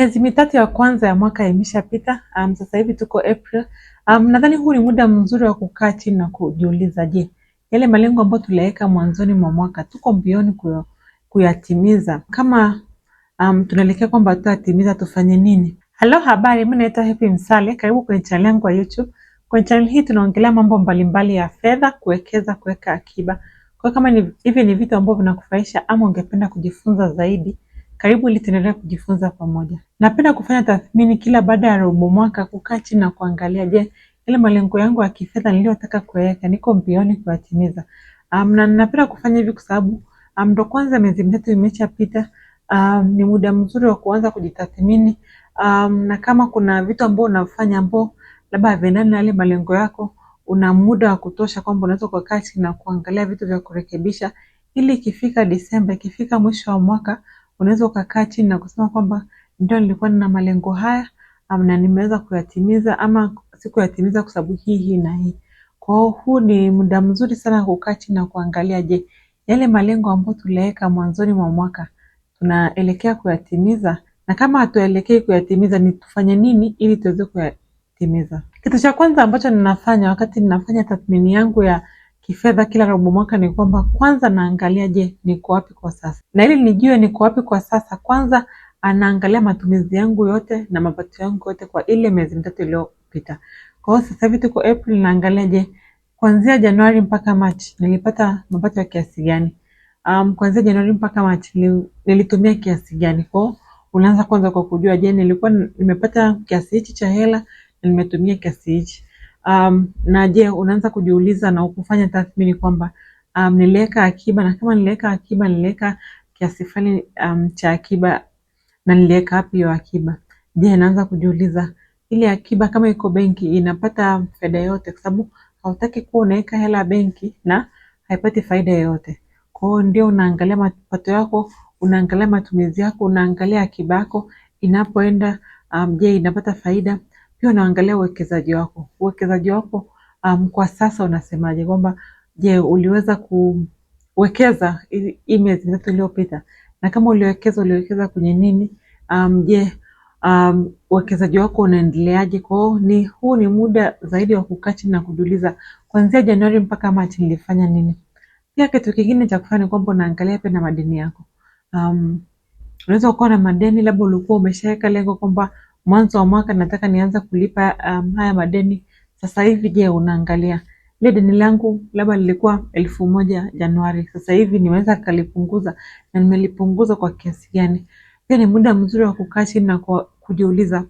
miezi mitatu ya kwanza ya mwaka imeshapita. Um, sasa hivi tuko April. Um, nadhani huu ni muda mzuri wa kukaa chini na kujiuliza, je, yale malengo ambayo tuliweka mwanzoni mwa mwaka tuko mbioni kuyatimiza? Kama um, tunaelekea kwamba tutatimiza, tufanye nini? Halo, habari, mimi naitwa Happy Msale, karibu kwenye channel yangu ya YouTube. Kwenye channel hii tunaongelea mambo mbalimbali ya fedha, kuwekeza, kuweka akiba. Kwa kama ni, hivi ni vitu ambavyo vinakufurahisha ama ungependa kujifunza zaidi karibu ili tuendelee kujifunza pamoja. Napenda kufanya tathmini kila baada ya robo mwaka, kukaa chini na kuangalia, je, ile malengo yangu ya kifedha niliyotaka kuyaweka niko mbioni kuyatimiza? Um, na napenda kufanya hivi kwa sababu um, ndo kwanza miezi mitatu imeshapita. Um, ni muda mzuri wa kuanza kujitathmini um, na kama kuna vitu ambao unafanya ambao labda haviendani na yale malengo yako, una muda wa kutosha kwamba unaweza kukaa chini na kuangalia vitu vya kurekebisha, ili ikifika Disemba, ikifika mwisho wa mwaka unaweza ukakaa chini na kusema kwamba ndio nilikuwa nina malengo haya na nimeweza kuyatimiza ama sikuyatimiza kwa sababu hii hii na hii. Kwa hiyo huu ni muda mzuri sana kukaa chini na kuangalia, je, yale malengo ambayo tuliweka mwanzoni mwa mwaka tunaelekea kuyatimiza? Na kama hatuelekei kuyatimiza, ni tufanye nini ili tuweze kuyatimiza? Kitu cha kwanza ambacho ninafanya wakati ninafanya tathmini yangu ya kifedha kila robo mwaka ni kwamba kwanza naangalia, je, niko wapi kwa sasa, na ili nijue niko wapi kwa sasa, kwanza anaangalia matumizi yangu yote na mapato yangu yote kwa ile miezi mitatu iliyopita. Kwa hiyo sasa hivi tuko April, naangalia je, kuanzia Januari mpaka Machi nilipata mapato ya kiasi gani? Um, kuanzia Januari mpaka Machi nilitumia kiasi gani? Kwa unaanza kwanza kwa kujua, je, nilikuwa nimepata kiasi hichi cha hela, na nimetumia kiasi hichi Um, na je, unaanza kujiuliza na kufanya tathmini kwamba um, niliweka akiba na kama niliweka akiba niliweka kiasi fulani um, cha akiba na niliweka wapi hiyo akiba? Je, naanza kujiuliza ile akiba kama iko benki inapata faida yote? Kwa sababu hautaki kuwa unaweka hela benki na haipati faida yoyote. Kwa hiyo ndio unaangalia mapato yako, unaangalia matumizi yako, unaangalia akiba yako inapoenda. Um, je, inapata faida? pia unaangalia uwekezaji wako. Uwekezaji wako um, kwa sasa unasemaje kwamba je, uliweza kuwekeza miezi mitatu iliyopita, na kama uliwekeza uliwekeza kwenye nini? Um, je um, uwekezaji wako unaendeleaje? Kwao ni huu ni muda zaidi wa kukaa chini na kujiuliza, kuanzia Januari mpaka Machi nilifanya nini? Pia kitu kingine cha kufanya ni kwamba unaangalia pia na madeni yako. Um, unaweza ukawa na madeni, labda ulikuwa umeshaweka lengo kwamba mwanzo wa mwaka nataka nianze kulipa um, haya madeni sasa hivi. Je, unaangalia ile deni langu labda lilikuwa elfu moja Januari, sasa hivi nimeweza kalipunguza na nimelipunguza kwa kiasi gani? Pia ni muda mzuri wa kukaa chini na kujiuliza,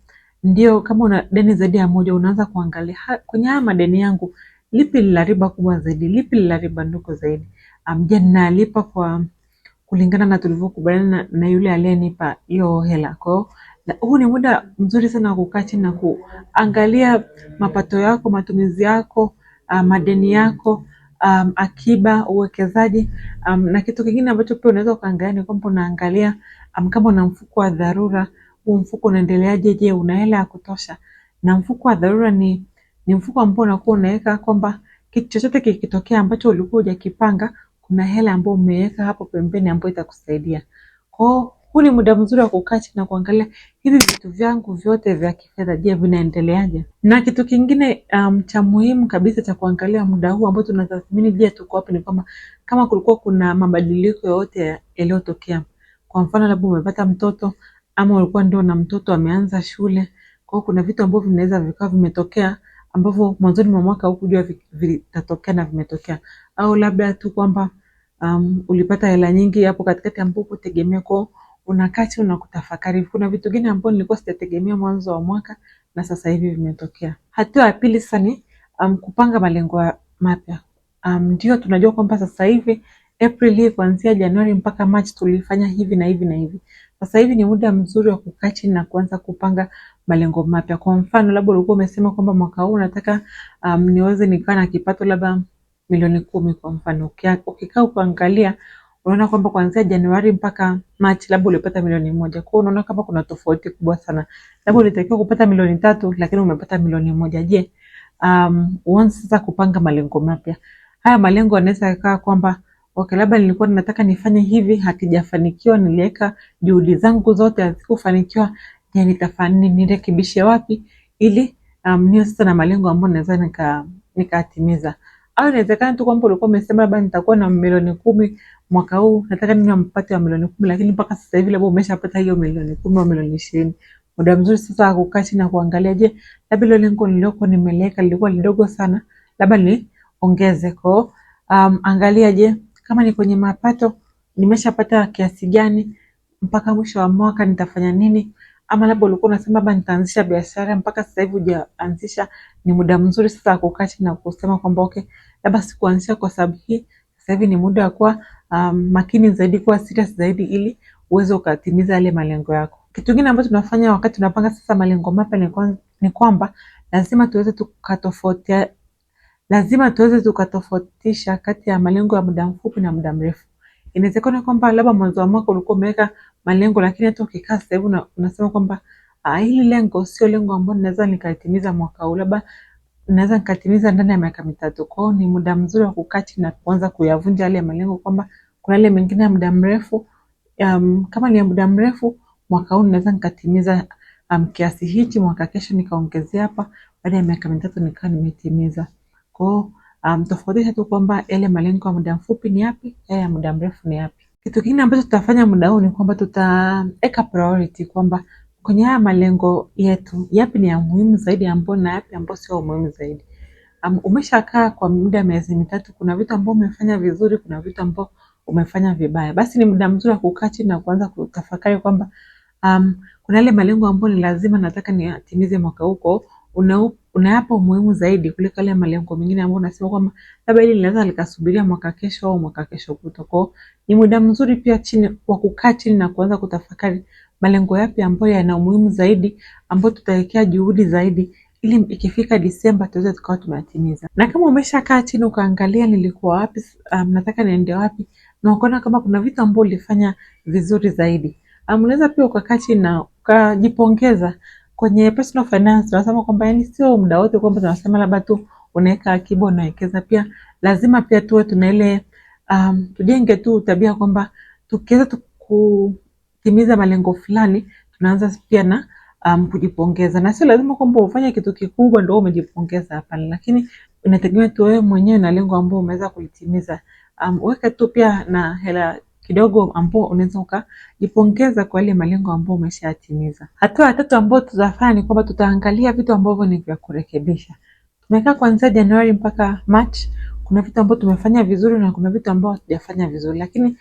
ndio kama una deni zaidi ya moja, unaanza kuangalia ha, kwenye haya madeni yangu lipi lila riba kubwa zaidi, lipi lila riba ndogo zaidi? Um, je, nalipa kwa kulingana na tulivyokubaliana na, na yule aliyenipa hiyo hela kwao huu ni muda mzuri sana wa kukaa chini na kuangalia mapato yako, matumizi yako, uh, madeni yako, um, akiba, uwekezaji um, na kitu kingine ambacho pia unaweza ukaangalia ni kwamba unaangalia um, kama una mfuko wa dharura, huu mfuko unaendeleaje? Je, una hela ya kutosha? Na mfuko wa dharura ni ni mfuko ambao unakuwa unaweka kwamba kitu chochote kikitokea ambacho ulikuwa hujakipanga, kuna hela ambayo umeweka hapo pembeni ambayo itakusaidia kwao huu ni muda mzuri wa kukaa na kuangalia hivi vitu vyangu vyote vya kifedha, je, vinaendeleaje? Na kitu kingine um, cha muhimu kabisa cha kuangalia muda huu ambao tunatathmini, je, tuko wapi, ni kwamba kama kulikuwa kuna mabadiliko yoyote yaliyotokea. Kwa mfano, labda umepata mtoto ama ulikuwa ndio na mtoto ameanza shule. Kwa hiyo kuna vitu ambavyo vinaweza vikawa vimetokea ambavyo mwanzoni mwa mwaka hukujua vitatokea na vimetokea, au labda tu kwamba um, ulipata hela nyingi hapo katikati ambapo kutegemea kwao unakati unakutafakari kuna vitu gani ambavyo nilikuwa sijategemea mwanzo wa mwaka na sasa hivi vimetokea. Hatua ya pili sasa ni um, kupanga malengo mapya. Um, ndio um, tunajua kwamba sasa hivi April hii kuanzia Januari mpaka March tulifanya hivi na hivi na hivi. Sasa hivi ni muda mzuri wa kukaa chini na kuanza kupanga malengo mapya. Kwa mfano, labda ulikuwa umesema kwamba mwaka huu nataka um, niweze nikawa na kipato labda milioni kumi kwa mfano. Ukikaa ukiangalia unaona kwamba kuanzia Januari mpaka Machi labda ulipata milioni moja. Kwa hiyo unaona kama kuna tofauti kubwa sana, labda ulitakiwa kupata milioni tatu lakini umepata milioni moja. Je, um, uanze sasa kupanga malengo mapya. Haya malengo yanaweza yakawa kwamba okay, labda nilikuwa ninataka nifanye hivi, hakijafanikiwa, niliweka juhudi zangu zote, hazikufanikiwa. Je, nitafanya nini? nirekebishe wapi ili um, niwe sasa na malengo ambayo naweza nika nikatimiza. Au inawezekana tu kwamba ulikuwa umesema labda nitakuwa na milioni kumi, mwaka huu nataka niwe mpate wa milioni kumi, lakini mpaka sasa hivi labda umeshapata hiyo milioni kumi au milioni ishirini. Muda mzuri sasa wa kukaa chini na kuangalia, je, labda ile lengo nililoko nimeleka lilikuwa lidogo sana, labda niongeze ko. Um, angalia, je, kama ni kwenye mapato nimeshapata kiasi gani, mpaka mwisho wa mwaka nitafanya nini? Ama labda ulikuwa unasema baba, nitaanzisha biashara, mpaka sasa hivi hujaanzisha. Ni muda mzuri sasa wa kukaa chini na kusema kwamba okay, labda sikuanzisha kwa sababu hii, sasa hivi ni muda wa kuwa um, makini zaidi, kuwa serious zaidi ili uweze ukatimiza yale malengo yako. Kitu kingine ambacho tunafanya wakati tunapanga sasa malengo mapya ni kwamba lazima tuweze tukatofautia lazima tuweze tukatofautisha kati ya malengo ya muda mfupi na muda mrefu. Inawezekana kwamba labda mwanzo wa mwaka ulikuwa umeweka malengo, lakini hata ukikaa sasa hivi unasema kwamba ah, hili lengo sio lengo ambalo naweza nikalitimiza mwaka huu, labda naweza nikatimiza ndani ya miaka mitatu. Kwao ni muda mzuri wa kukaa chini na kuanza kuyavunja yale malengo, kwamba kuna yale mengine ya muda mrefu um, kama ni ya muda mrefu, mwaka huu naweza nikatimiza um, kiasi hichi, mwaka kesho nikaongezea hapa, baada ya miaka mitatu nikawa nimetimiza. Kwao um, tofautisha tu kwamba yale malengo ya muda mfupi ni yapi, yale ya muda mrefu ni yapi. Kitu kingine ambacho tutafanya muda huu ni kwamba tutaweka priority kwamba kwenye haya malengo yetu, yapi ni ya muhimu zaidi ambayo na yapi ambayo sio muhimu zaidi. Um, umeshakaa kwa muda miezi mitatu, kuna vitu ambao umefanya vizuri, kuna vitu ambao umefanya vibaya. Basi ni muda mzuri wa kukaa chini na kuanza kutafakari kwamba um, kuna yale malengo ambayo ni lazima nataka niyatimize mwaka huko, una unayapa umuhimu zaidi kuliko yale malengo mengine ambayo unasema kwamba labda hili linaweza likasubiria mwaka kesho au mwaka kesho kuto. Kwao ni muda mzuri pia chini wa kukaa chini na kuanza kutafakari malengo yapi ambayo yana umuhimu zaidi ambayo tutawekea juhudi zaidi ili ikifika Disemba tuweze tukawa tumeatimiza. Na kama umeshakaa chini ukaangalia nilikuwa wapi, um, nataka niende wapi na ukaona kama kuna vitu ambavyo ulifanya vizuri zaidi. Um, unaweza Um, pia ukakaa chini na ukajipongeza kwenye personal finance. Tunasema kwamba yani sio muda wote kwamba tunasema labda tu unaweka akiba unawekeza, pia lazima pia tuwe tuna ile um, tujenge tu tabia kwamba tukiweza tuku kutimiza malengo fulani, tunaanza pia na um, kujipongeza. Na sio lazima kwamba ufanye kitu kikubwa ndio umejipongeza, hapana, lakini unategemea tu wewe mwenyewe na lengo ambao umeweza kulitimiza. Um, weka tu pia na hela kidogo ambao unaweza ukajipongeza kwa ile malengo ambayo umeshayatimiza. Hatua ya tatu ambayo tutafanya ni kwamba tutaangalia vitu ambavyo ni vya kurekebisha. Tumekaa kuanzia Januari mpaka March, kuna vitu ambavyo tumefanya vizuri na kuna vitu ambavyo hatujafanya vizuri, lakini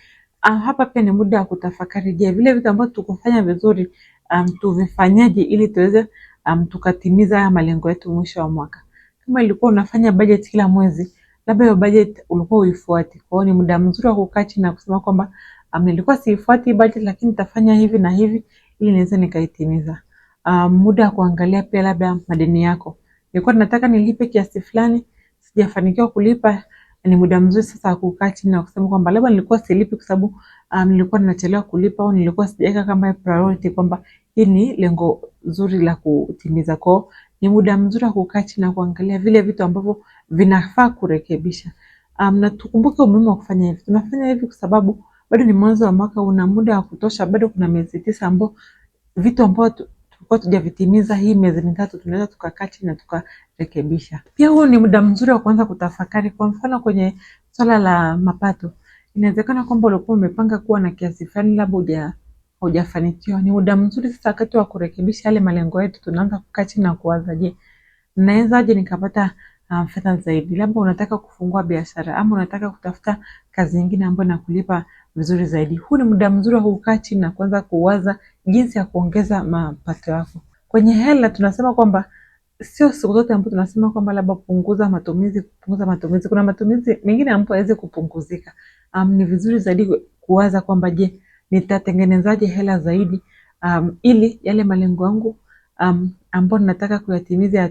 Uh, hapa pia ni muda wa kutafakari. Je, vile vitu ambavyo tukufanya vizuri um, tuvifanyaje ili tuweze um, tukatimiza haya malengo yetu mwisho wa mwaka. Kama ilikuwa unafanya budget kila mwezi, labda hiyo budget ulikuwa uifuati. Kwa hiyo ni muda mzuri wa kukaa chini na kusema kwamba um, nilikuwa siifuati budget, lakini nitafanya hivi na hivi ili niweze nikaitimiza. Um, muda wa kuangalia pia labda madeni yako. Nilikuwa nataka nilipe kiasi fulani, sijafanikiwa kulipa ni muda mzuri sasa kukaa chini na kusema kwamba labda nilikuwa silipi kwa sababu um, nilikuwa ninachelewa kulipa au nilikuwa sijaweka kama priority kwamba hii ni lengo zuri la kutimiza. Kwa ni muda mzuri wa kukaa chini na kuangalia vile vitu ambavyo vinafaa kurekebisha. Um, na tukumbuke umuhimu wa kufanya hivi. Tunafanya hivi kwa sababu bado ni mwanzo wa mwaka, una muda wa kutosha, bado kuna miezi tisa ambao vitu ambavyo tulikuwa tujavitimiza hii miezi mitatu tunaweza tukakaa chini na tuka kurekebisha. Pia huu ni muda mzuri wa kuanza kutafakari. Kwa mfano, kwenye swala la mapato, inawezekana kwamba ulikuwa umepanga kuwa na kiasi fulani, labda hujafanikiwa. Ni muda mzuri sasa, wakati wa kurekebisha yale malengo yetu, tunaanza kukaa chini na kuwaza, je, nawezaje nikapata uh, fedha zaidi? Labda unataka kufungua biashara ama unataka kutafuta kazi nyingine ambayo inakulipa vizuri zaidi. Huu ni muda mzuri wa kukaa chini na kuanza kuwaza jinsi ya kuongeza mapato yako. Kwenye hela tunasema kwamba sio siku zote ambapo tunasema kwamba labda kupunguza matumizi, kupunguza matumizi. Kuna matumizi mengine ambapo yaweze kupunguzika. Um, ni vizuri zaidi kuwaza kwamba je, nitatengenezaje hela zaidi um, ili yale malengo yangu um, ambayo ninataka kuyatimiza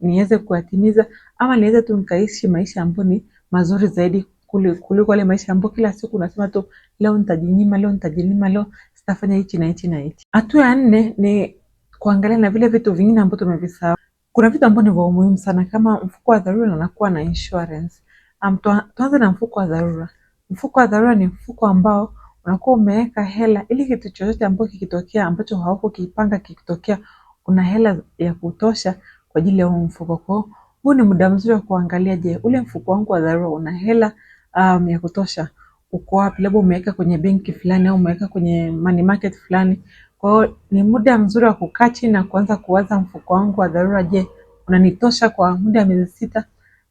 niweze kuyatimiza, ama niweze tu nikaishi maisha ambayo ni mazuri zaidi kuliko yale maisha ambayo kila siku nasema tu leo nitajinyima, leo nitajinyima, leo sitafanya hichi na hichi na hichi. Hatua ya nne ni kuangalia na vile vitu vingine ambavyo tumevisahau. Kuna vitu ambavyo ni vya umuhimu sana kama mfuko wa dharura na nakuwa na insurance. Um, tuanze na mfuko wa dharura. Mfuko wa dharura ni mfuko ambao unakuwa umeweka hela ili kitu chochote ambacho kikitokea ambacho haukukipanga kikitokea, una hela ya kutosha kwa ajili ya huo mfuko. Kwa hiyo huu ni muda mzuri wa kuangalia, je, ule mfuko wangu wa dharura una hela um, ya kutosha? Uko wapi? Labda umeweka kwenye benki fulani au umeweka kwenye money market fulani. Kwa hiyo ni muda mzuri wa kukaa chini na kuanza kuwaza mfuko wangu wa dharura. Je, unanitosha kwa muda wa miezi sita?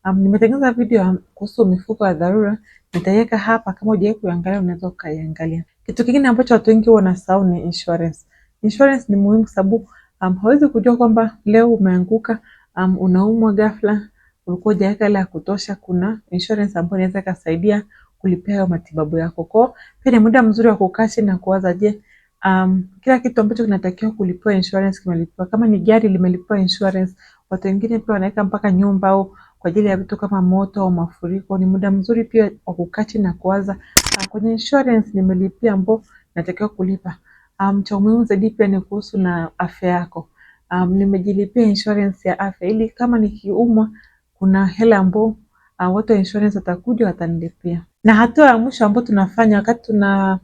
Um, nimetengeneza video kuhusu mifuko ya dharura, nitaiweka hapa. Kama hujawahi kuangalia, unaweza ukaiangalia. Kitu kingine ambacho watu wengi wanasahau ni insurance. Insurance ni muhimu kwa sababu um, hawezi kujua kwamba leo umeanguka, um, unaumwa ghafla, ulikuwa hujaweka hela ya kutosha. Kuna insurance ambayo inaweza kusaidia kulipia matibabu yako. Kwa hiyo pia ni muda mzuri wa kukaa chini na kuwaza, je Um, kila kitu ambacho kinatakiwa kulipiwa insurance kimelipiwa. Kama ni gari limelipiwa insurance. Watu wengine pia wanaweka mpaka nyumba au kwa ajili ya vitu kama moto au mafuriko. Ni muda mzuri pia wa kukati na kuwaza uh, kwenye insurance nimelipia ambapo natakiwa kulipa. Um, cha muhimu zaidi pia ni kuhusu na afya yako. Um, nimejilipia insurance ya afya ili kama nikiumwa kuna hela ambao uh, watu wa insurance watakuja watanilipia. Na hatua ya mwisho ambayo tunafanya wakati tuna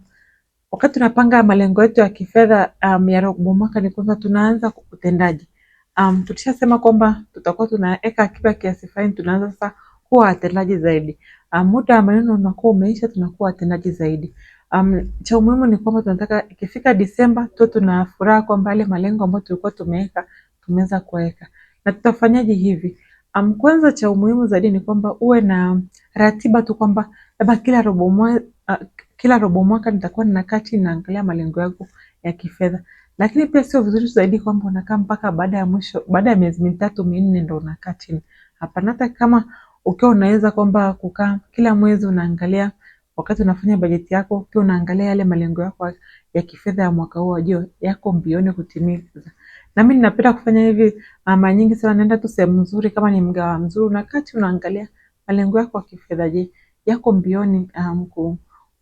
Wakati tunapanga malengo yetu ya kifedha um, ya robo mwaka ni kwamba tunaanza utendaji. Um, tulishasema kwamba tutakuwa tunaweka akiba kiasi fulani, tunaanza sasa kuwa watendaji zaidi. Um, muda wa maneno unakuwa umeisha, tunakuwa watendaji zaidi. Um, cha umuhimu ni kwamba tunataka ikifika Disemba tu tuna furaha kwamba yale malengo ambayo tulikuwa tumeweka tumeweza kuweka. Na tutafanyaje hivi? Um, kwanza cha umuhimu zaidi ni kwamba uwe na ratiba tu kwamba labda kila robo mwezi uh, kila robo mwaka nitakuwa ninakaa chini naangalia malengo yangu ya kifedha. Lakini pia sio vizuri zaidi kwamba unakaa mpaka baada ya mwisho, baada ya miezi mitatu minne ndo unakaa chini. Hapana, hata kama ukiwa unaweza kwamba kukaa kila mwezi unaangalia wakati unafanya bajeti yako, ukiwa unaangalia yale malengo yako ya kifedha ya mwaka huo, ajio yako mbioni kutimiza? Na mimi ninapenda kufanya hivi ah, mara nyingi sana, naenda tu sehemu nzuri, kama ni mgawa mzuri, unakaa chini unaangalia malengo yako ya kifedha, je, yako mbioni um,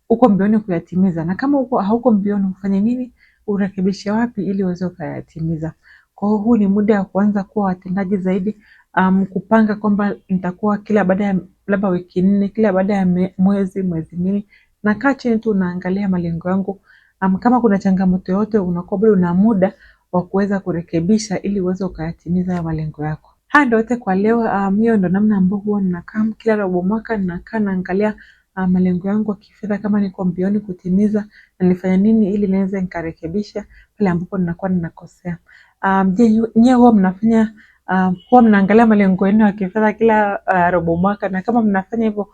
uko mbioni kuyatimiza, na kama uko hauko mbioni ufanye nini, urekebishe wapi ili uweze ukayatimiza. Kwa hiyo huu ni muda wa kuanza kuwa watendaji zaidi, um, kupanga kwamba nitakuwa kila baada ya labda wiki nne, kila baada ya mwezi mwezi mbili, nakaa chini tu unaangalia malengo yangu. Um, kama kuna changamoto yoyote unakuwa bado una muda wa kuweza kurekebisha ili uweze ukayatimiza ya malengo yako. Haya ndio yote kwa leo. Um, hiyo ndo namna ambayo huwa ninakaa kila robo mwaka ninakaa naangalia Ah, malengo yangu ya kifedha kama niko mbioni kutimiza na nifanya nini ili niweze nikarekebisha pale ambapo ninakuwa ninakosea. Um, Je, nyewe huwa mnafanya ah, huwa mnaangalia malengo yenu ya kifedha kila uh, robo mwaka na kama mnafanya hivyo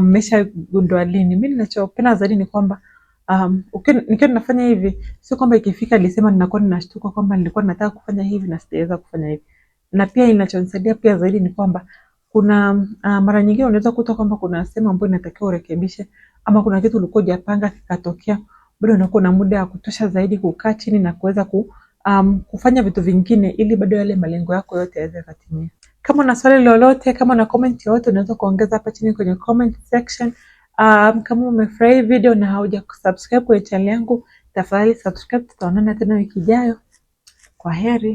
mmeshagundua lini? Mimi ninachopenda zaidi ni kwamba Um, nikiwa ninafanya hivi sio kwamba ikifika nilisema ninakuwa ninashtuka kwamba nilikuwa nataka kufanya hivi na sijaweza kufanya hivi, na pia inachonisaidia pia zaidi ni kwamba kuna uh, mara nyingine unaweza kuta kwamba kuna sehemu ambayo inatakiwa urekebishe ama kuna kitu ulikuwa hujapanga kikatokea, bado unakuwa na muda wa kutosha zaidi kukaa chini na kuweza ku, um, kufanya vitu vingine ili bado yale malengo yako yote yaweze kutimia. Kama una swali lolote, kama una comment yoyote, unaweza kuongeza hapa chini kwenye comment section. Um, kama umefurahi video na hauja kusubscribe kwenye channel yangu, tafadhali subscribe. Tutaonana tena wiki ijayo. Kwa heri.